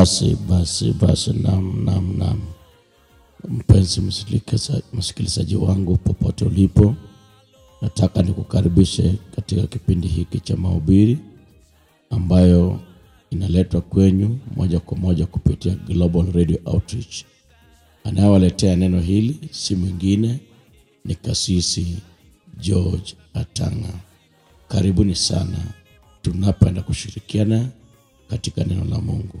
Basi basi basi, nam nam nam. Mpenzi msikilizaji wangu, popote ulipo, nataka nikukaribishe katika kipindi hiki cha mahubiri ambayo inaletwa kwenyu moja kwa moja kupitia Global Radio Outreach. Anayewaletea neno hili si mwingine ni Kasisi George Atanga. Karibuni sana, tunapenda kushirikiana katika neno la Mungu.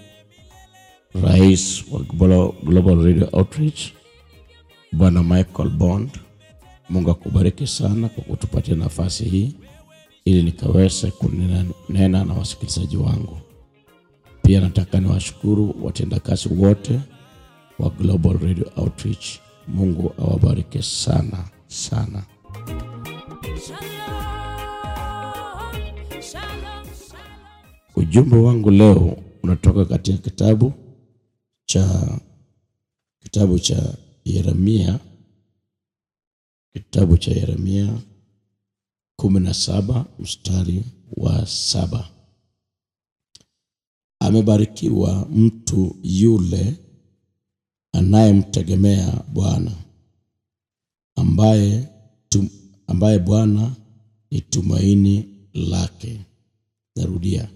Rais wa Global Radio Outreach Bwana Michael Bond, Mungu akubariki sana kwa kutupatia nafasi hii ili nikaweze kunena na wasikilizaji wangu. Pia nataka niwashukuru watendakazi wote wa Global Radio Outreach. Mungu awabariki sana sana. Ujumbe wangu leo unatoka katika kitabu cha kitabu cha Yeremia, kitabu cha Yeremia kumi na saba mstari wa saba amebarikiwa mtu yule anayemtegemea Bwana, ambaye tum, ambaye Bwana ni tumaini lake. Narudia,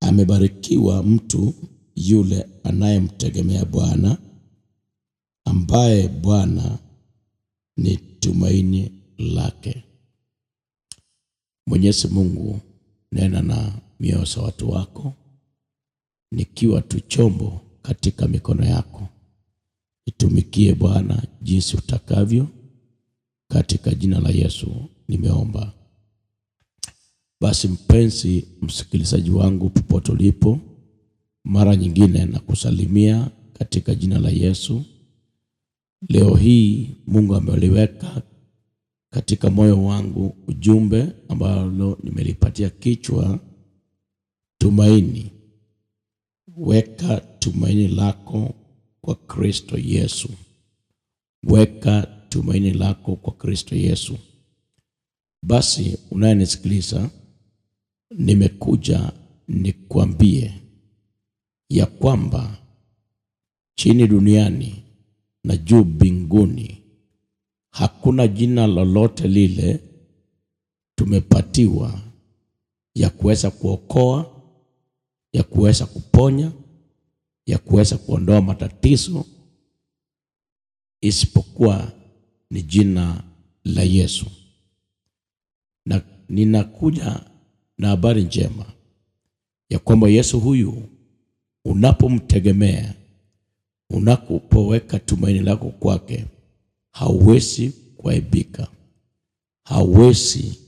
amebarikiwa mtu yule anayemtegemea Bwana, ambaye Bwana ni tumaini lake. Mwenyezi Mungu, nena na mioyo ya watu wako, nikiwa tu chombo katika mikono yako. Nitumikie Bwana jinsi utakavyo, katika jina la Yesu nimeomba. Basi mpenzi msikilizaji wangu, popote ulipo mara nyingine na kusalimia katika jina la Yesu. Leo hii Mungu ameliweka katika moyo wangu ujumbe ambalo nimelipatia kichwa tumaini. Weka tumaini lako kwa Kristo Yesu. Weka tumaini lako kwa Kristo Yesu. Basi unayenisikiliza, nimekuja nikuambie ya kwamba chini duniani na juu binguni hakuna jina lolote lile tumepatiwa ya kuweza kuokoa, ya kuweza kuponya, ya kuweza kuondoa matatizo isipokuwa ni jina la Yesu. Na ninakuja na habari njema ya kwamba Yesu huyu Unapomtegemea, unapoweka tumaini lako kwake, hauwezi kuaibika, hauwezi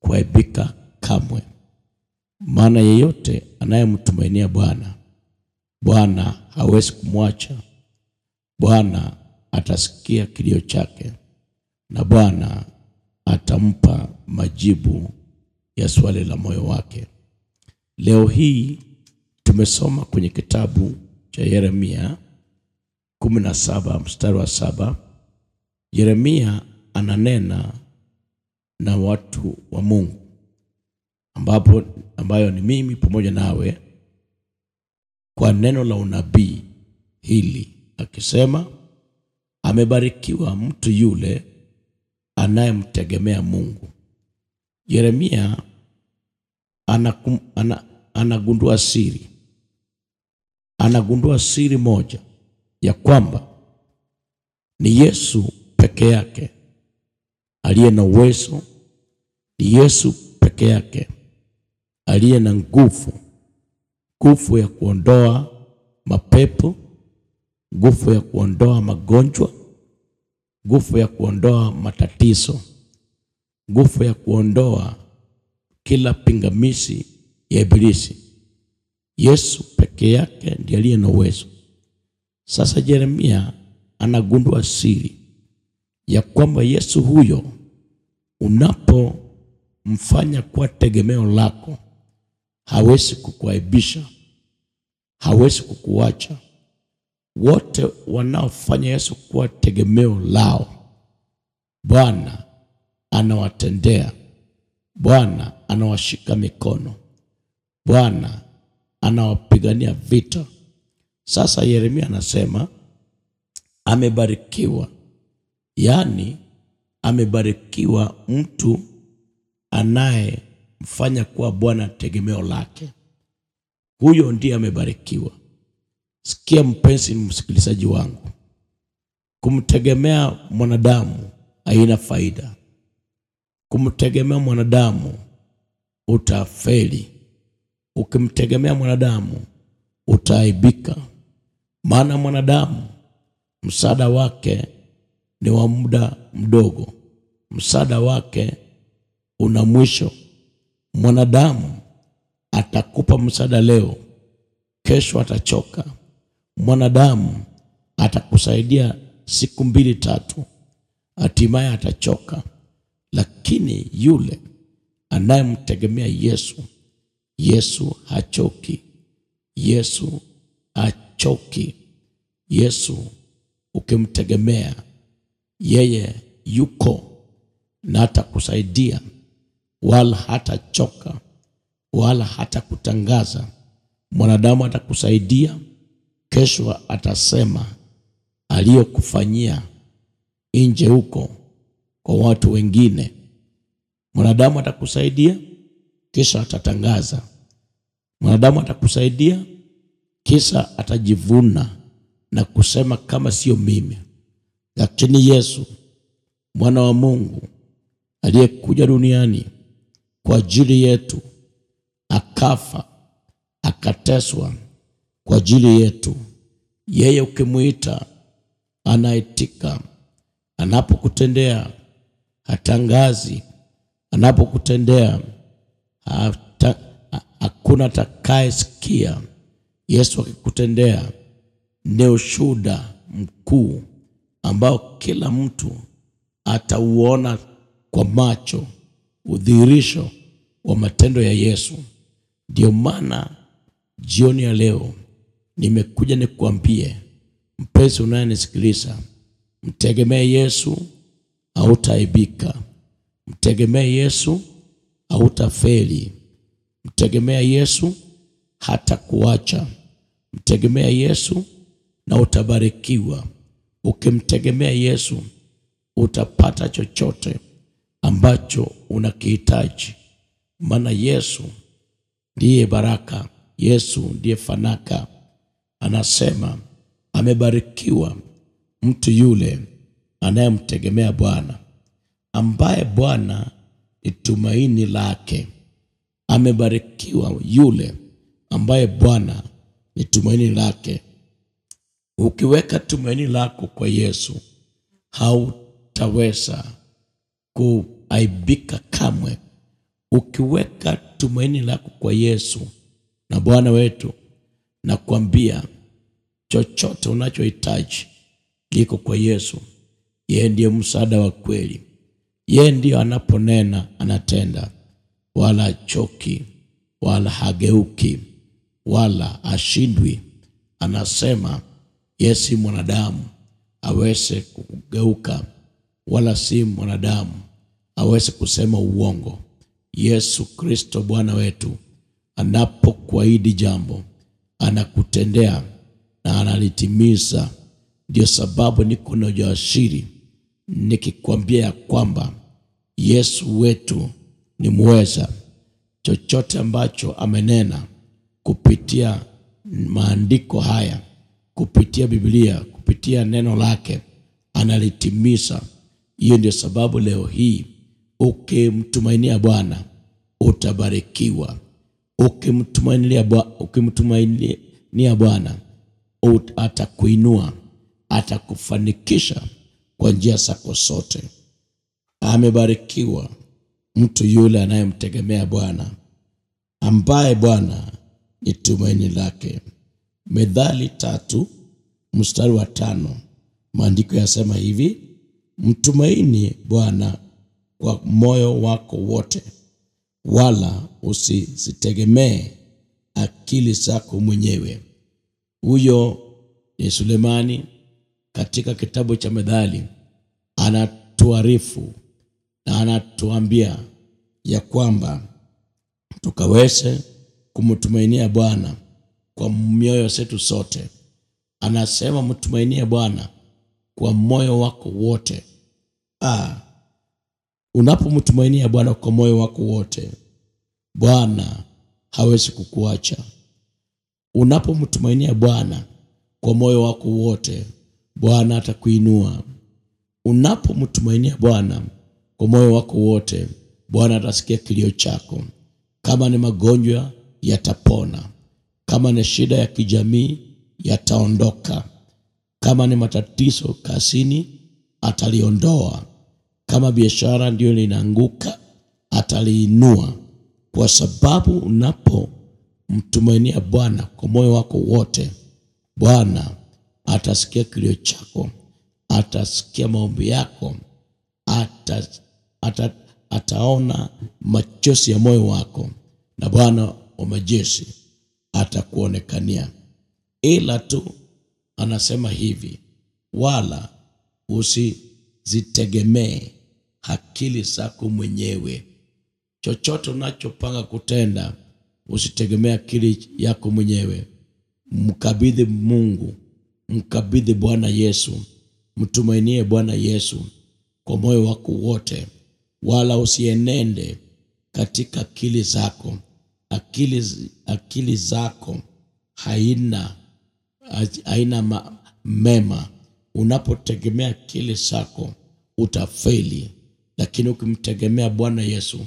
kuaibika kamwe, maana yeyote anayemtumainia Bwana, Bwana hawezi kumwacha. Bwana atasikia kilio chake na Bwana atampa majibu ya swali la moyo wake. Leo hii Tumesoma kwenye kitabu cha Yeremia 17 mstari wa saba. Yeremia ananena na watu wa Mungu ambapo, ambayo ni mimi pamoja nawe kwa neno la unabii hili akisema, amebarikiwa mtu yule anayemtegemea Mungu. Yeremia anakum, ana, anagundua siri anagundua siri moja ya kwamba ni Yesu peke yake aliye na uwezo, ni Yesu peke yake aliye na nguvu, nguvu ya kuondoa mapepo, nguvu ya kuondoa magonjwa, nguvu ya kuondoa matatizo, nguvu ya kuondoa kila pingamizi ya Ibilisi. Yesu peke yake ndiye aliye na uwezo. Sasa Yeremia anagundua siri ya kwamba Yesu huyo unapomfanya kuwa tegemeo lako, hawezi kukuaibisha, hawezi kukuacha. Wote wanaofanya Yesu kuwa tegemeo lao, Bwana anawatendea, Bwana anawashika mikono, Bwana anawapigania vita. Sasa Yeremia anasema amebarikiwa, yaani amebarikiwa mtu anayemfanya kuwa Bwana tegemeo lake, huyo ndiye amebarikiwa. Sikia mpenzi msikilizaji wangu, kumtegemea mwanadamu haina faida. Kumtegemea mwanadamu utafeli. Ukimtegemea mwanadamu utaaibika, maana mwanadamu msaada wake ni wa muda mdogo, msaada wake una mwisho. Mwanadamu atakupa msaada leo, kesho atachoka. Mwanadamu atakusaidia siku mbili tatu, hatimaye atachoka. Lakini yule anayemtegemea Yesu Yesu hachoki. Yesu hachoki. Yesu ukimtegemea yeye yuko na atakusaidia, wala hatachoka wala hatakutangaza. Mwanadamu atakusaidia, kesho atasema aliyokufanyia nje huko kwa watu wengine. Mwanadamu atakusaidia kisha atatangaza. Mwanadamu atakusaidia kisha atajivuna na kusema kama sio mimi, lakini Yesu mwana wa Mungu aliyekuja duniani kwa ajili yetu, akafa akateswa kwa ajili yetu. Yeye ukimwita anaitika. Anapokutendea hatangazi, anapokutendea hakuna atakayesikia. Yesu akikutendea ni ushuhuda mkuu ambao kila mtu atauona kwa macho, udhihirisho wa matendo ya Yesu. ndio maana jioni ya leo nimekuja nikuambie, mpenzi unayenisikiliza, mtegemee Yesu, hautaaibika. Mtegemee Yesu hautafeli. Mtegemea Yesu hatakuacha. Mtegemea Yesu na utabarikiwa. Ukimtegemea Yesu utapata chochote ambacho unakihitaji, maana Yesu ndiye baraka, Yesu ndiye fanaka. Anasema amebarikiwa mtu yule anayemtegemea Bwana, ambaye Bwana ni tumaini lake. Amebarikiwa yule ambaye Bwana ni tumaini lake. Ukiweka tumaini lako kwa Yesu, hautaweza kuaibika kamwe. Ukiweka tumaini lako kwa Yesu na Bwana wetu, nakwambia chochote unachohitaji liko kwa Yesu. Yeye ndiye msaada wa kweli. Yeye ndiyo anaponena anatenda, wala achoki wala hageuki, wala ashindwi. Anasema yeye si mwanadamu aweze kugeuka, wala si mwanadamu aweze kusema uongo. Yesu Kristo Bwana wetu anapokuahidi jambo anakutendea na analitimiza. ndio sababu niko na ujasiri nikikwambia ya kwamba Yesu wetu ni mweza. Chochote ambacho amenena kupitia maandiko haya, kupitia Biblia, kupitia neno lake analitimiza. Hiyo ndio sababu leo hii ukimtumainia Bwana utabarikiwa. Ukimtumainia Bwana atakuinua, atakufanikisha kwa njia zako zote. Amebarikiwa mtu yule anayemtegemea Bwana, ambaye Bwana ni tumaini lake. Methali tatu mstari wa tano, maandiko yasema hivi: mtumaini Bwana kwa moyo wako wote, wala usizitegemee akili zako mwenyewe. Huyo ni Sulemani katika kitabu cha Methali anatuarifu na anatuambia ya kwamba tukaweze kumtumainia Bwana kwa mioyo zetu sote. Anasema mtumainie Bwana kwa moyo wako wote. Ah, unapomtumainia Bwana kwa moyo wako wote, Bwana hawezi kukuacha. Unapomtumainia Bwana kwa moyo wako wote, Bwana atakuinua. Unapomtumainia Bwana kwa moyo wako wote, Bwana atasikia kilio chako. Kama ni magonjwa yatapona, kama ni shida ya kijamii yataondoka, kama ni matatizo kazini ataliondoa, kama biashara ndiyo linaanguka ataliinua, kwa sababu unapomtumainia Bwana kwa moyo wako wote, Bwana atasikia kilio chako, atasikia maombi yako, atasikia ata, ataona machozi ya moyo wako, na Bwana wa majeshi atakuonekania. Ila tu anasema hivi, wala usizitegemee akili zako mwenyewe. Chochote unachopanga kutenda, usitegemee akili yako mwenyewe. Mkabidhi Mungu, mkabidhi Bwana Yesu, mtumainie Bwana Yesu kwa moyo wako wote wala usienende katika akili zako. Akili, akili zako haina, haina ma, mema. Unapotegemea akili zako utafeli, lakini ukimtegemea Bwana Yesu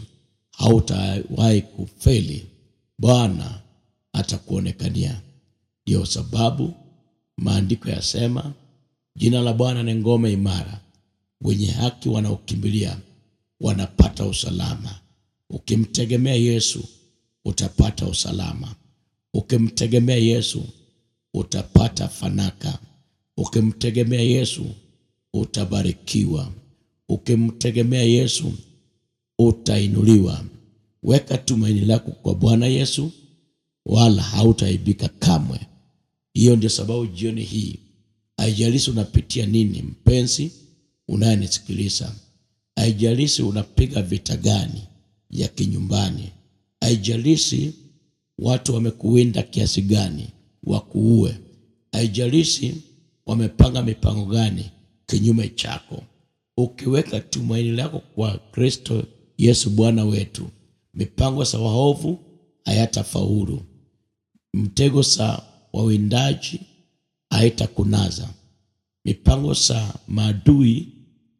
hautawahi kufeli. Bwana atakuonekania. Ndiyo sababu maandiko yasema jina la Bwana ni ngome imara, wenye haki wanaokimbilia wanapata usalama. Ukimtegemea Yesu utapata usalama. Ukimtegemea Yesu utapata fanaka. Ukimtegemea Yesu utabarikiwa. Ukimtegemea Yesu utainuliwa. Weka tumaini lako kwa Bwana Yesu, wala hautaibika kamwe. Hiyo ndio sababu jioni hii, haijalishi unapitia nini, mpenzi unayenisikiliza haijalishi unapiga vita gani ya kinyumbani, haijalishi watu wamekuwinda kiasi gani wakuue, haijalishi wamepanga mipango gani kinyume chako. Ukiweka tumaini lako kwa Kristo Yesu Bwana wetu, mipango za waovu hayatafaulu, mtego sa wawindaji haitakunaza, mipango sa maadui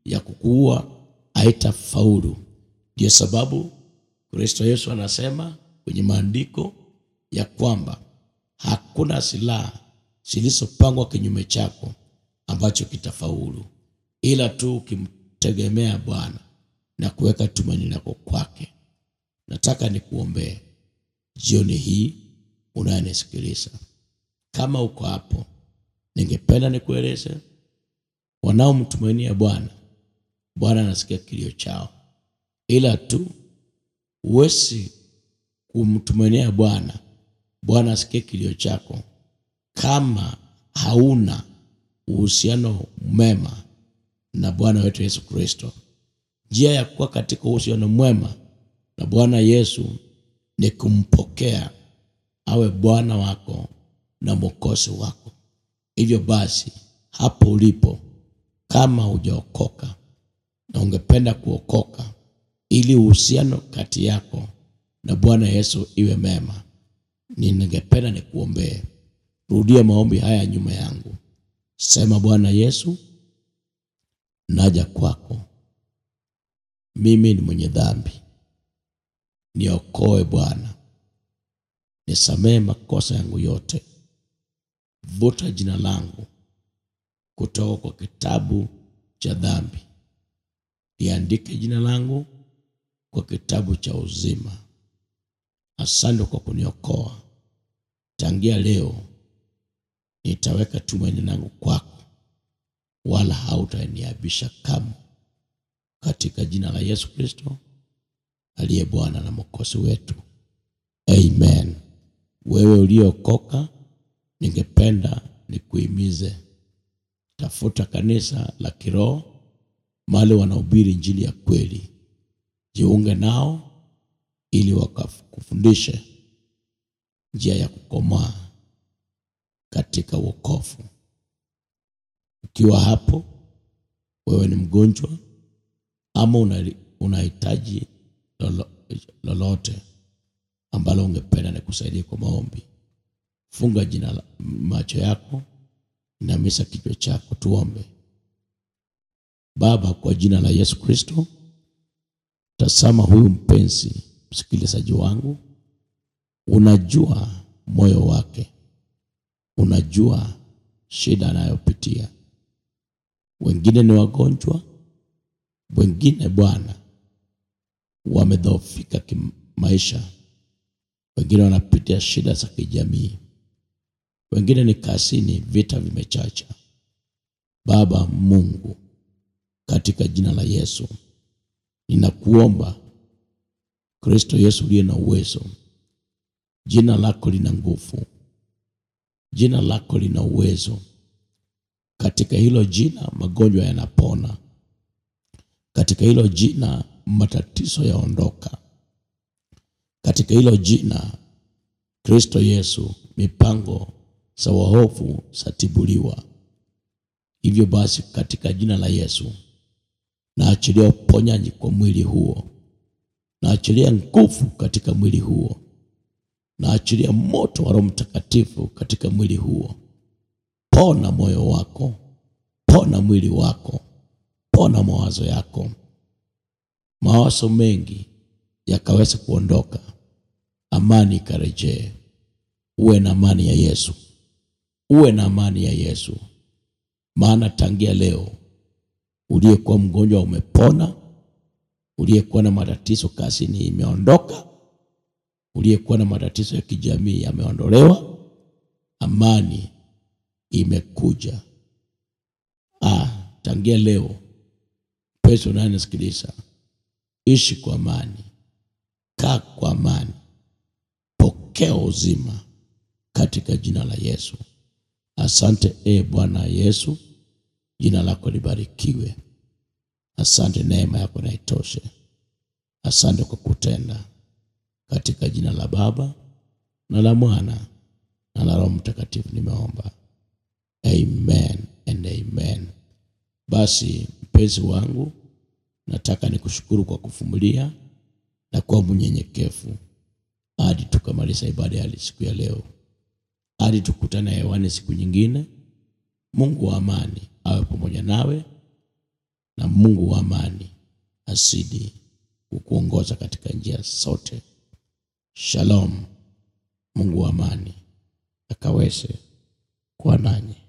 ya kukuua haitafaulu. ndio sababu Kristo Yesu anasema kwenye maandiko ya kwamba hakuna silaha zilizopangwa kinyume chako ambacho kitafaulu, ila tu ukimtegemea Bwana na kuweka tumaini lako kwake. Nataka nikuombee jioni hii unayenisikiliza, kama uko hapo, ningependa nikueleze wanaomtumainia Bwana Bwana anasikia kilio chao, ila tu huwezi kumtumainia Bwana Bwana asikie kilio chako kama hauna uhusiano mwema na Bwana wetu Yesu Kristo. Njia ya kuwa katika uhusiano mwema na Bwana Yesu ni kumpokea awe Bwana wako na mokosi wako. Hivyo basi, hapo ulipo, kama hujaokoka na ungependa kuokoka ili uhusiano kati yako na Bwana Yesu iwe mema, ningependa nikuombee. Rudia maombi haya nyuma yangu. Sema, Bwana Yesu, naja kwako, mimi ni mwenye dhambi, niokoe Bwana, nisamehe makosa yangu yote, vuta jina langu kutoka kwa kitabu cha dhambi liandike jina langu kwa kitabu cha uzima. Asante kwa kuniokoa. Tangia leo nitaweka tumaini langu kwako, wala hautaniabisha kamwe, katika jina la Yesu Kristo aliye Bwana na Mwokozi wetu, amen. Wewe uliokoka, ningependa nikuhimize, tafuta kanisa la kiroho mahali wanaubiri injili ya kweli. Jiunge nao ili wakakufundishe njia ya kukomaa katika wokovu. Ukiwa hapo, wewe ni mgonjwa ama unahitaji lolo, lolote ambalo ungependa kusaidia kwa maombi, funga jina la macho yako, inamisa kichwa chako, tuombe. Baba, kwa jina la Yesu Kristo, tazama huyu mpenzi msikilizaji wangu, unajua moyo wake, unajua shida anayopitia. Wengine ni wagonjwa, wengine Bwana wamedhoofika kimaisha, wengine wanapitia shida za kijamii, wengine ni kazini, vita vimechacha. Baba Mungu katika jina la Yesu. Ninakuomba Kristo Yesu uliye na uwezo, jina lako lina nguvu, jina lako lina uwezo. Katika hilo jina magonjwa yanapona, katika hilo jina matatizo yaondoka, katika hilo jina Kristo Yesu mipango za wahofu satibuliwa. Hivyo basi katika jina la Yesu Naachilia uponyaji kwa mwili huo, naachilia nguvu katika mwili huo, naachilia moto wa Roho Mtakatifu katika mwili huo. Pona moyo wako, pona mwili wako, pona mawazo yako. Mawazo mengi yakaweza kuondoka, amani ikarejee. Uwe na amani ya Yesu, uwe na amani ya Yesu, maana tangia leo Uliyekuwa mgonjwa umepona, uliyekuwa na matatizo kazini imeondoka, uliyekuwa na matatizo ya kijamii yameondolewa, amani imekuja. Ah, tangia leo pesa unayonisikiliza, ishi kwa amani, kaa kwa amani, pokea uzima katika jina la Yesu. Asante e Bwana Yesu. Jina lako libarikiwe. Asante, neema yako na itoshe. Asante kwa kutenda, katika jina la Baba na la Mwana na la Roho Mtakatifu nimeomba, amen and amen. Basi mpenzi wangu, nataka nikushukuru kwa kufumulia na kuwa mnyenyekevu hadi tukamaliza ibada ya siku ya leo, hadi tukutane hewani siku nyingine. Mungu wa amani awe pamoja nawe, na Mungu wa amani asidi kukuongoza katika njia zote. Shalom. Mungu wa amani akaweze kuwa nanyi.